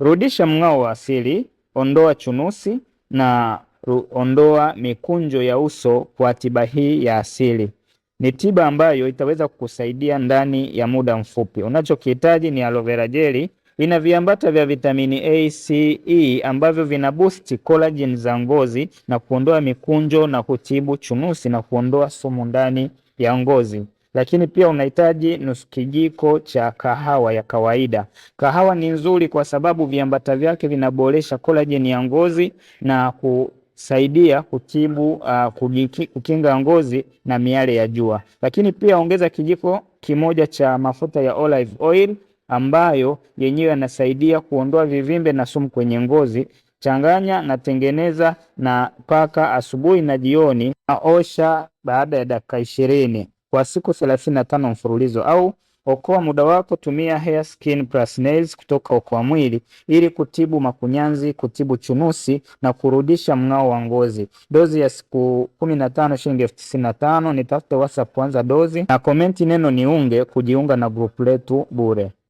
Rudisha mng'ao wa asili, ondoa chunusi na ondoa mikunjo ya uso kwa tiba hii ya asili. Ni tiba ambayo itaweza kukusaidia ndani ya muda mfupi. Unachokihitaji ni aloe vera jeli, ina viambata vya vitamini A, C, E ambavyo vina boost collagen za ngozi na kuondoa mikunjo na kutibu chunusi na kuondoa sumu ndani ya ngozi. Lakini pia unahitaji nusu kijiko cha kahawa ya kawaida. Kahawa ni nzuri kwa sababu viambata vyake vinaboresha kolajeni ya ngozi na kusaidia kutibu uh, kukinga ngozi na miale ya jua. Lakini pia ongeza kijiko kimoja cha mafuta ya olive oil ambayo yenyewe yanasaidia kuondoa vivimbe na sumu kwenye ngozi. Changanya na tengeneza na paka asubuhi na jioni, na osha baada ya dakika ishirini kwa siku 35 mfululizo au okoa muda wako, tumia Hair Skin Plus Nails kutoka Okoa Mwili ili kutibu makunyanzi, kutibu chunusi na kurudisha mng'ao wa ngozi. Dozi ya siku 15 shilingi elfu tisini na tano. Nitafute WhatsApp kwanza dozi na komenti neno niunge kujiunga na grupu letu bure.